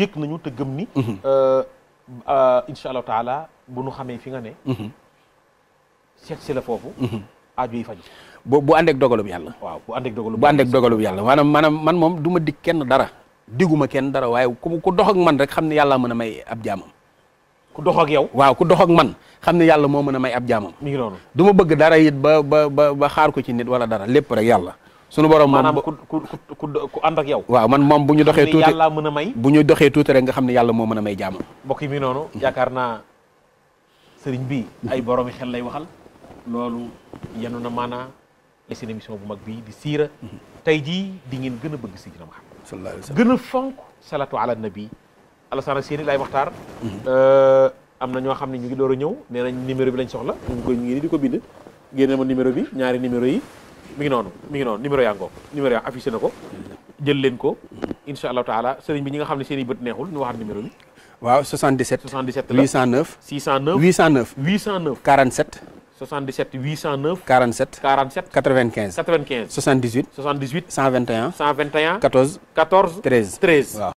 yëg nañu te gëm ni. Mhm. Euh, euh, incha allahu taala bu nu xamee fi nga ne. Mhm. seet si la foofu. Mhm. aaju yi faju bu bu àndeeg dogalub yàlla. waaw bu àndeeg dogalub bu àndeeg yàlla maanaam maanaam man moom duma ma dig kenn dara. diguma kenn dara waaye ku ku dox man rek xam ne yàlla mën a may ab jaamam. ku dox yow. waaw ku dox ak man xam ne yàlla moo mën a may ab jaamam. mi ngi noonu du ma bëgg dara it ba ba ba xaar ko ci nit wala dara lépp rek yàlla. sunu borom moom maanaam ku ku ku ànd ak yow. waaw man moom bu ñu doxee tuuti yàlla mën a may. bu ñu doxee tuuti rek nga xam ne yàlla moo mën a may jaamam. mbokk yi mi noonu. yaakaar naa sëriñ bi ay boroomi xel lay waxal. loolu yenu na maanaa seen émission bu mag bii di siira. tey jii di ngeen gën a bëgg si dina ma xam. gën a fonk salatu ala nabi. alassane seen i lay waxtaar. Mhm. Euh, am na ñoo xam ne ñu ngi door a ñëw nee nañ numéro bi lañ soxla. ñu ngi ñu ngi ko bind. génne ma numéro bi ñaari numéro yi. mi ngi noonu mi ngi numéro yaa numéro yaa affiché na ko jël leen ko incha taala sëriñ bi nga xam ne seen i bët neexul ñu waxaat numéro bi waaw 77 77 la 809 609 809 809 47 77 809 47 47 95 95 78 78 121 121 14 14 13 13 waaw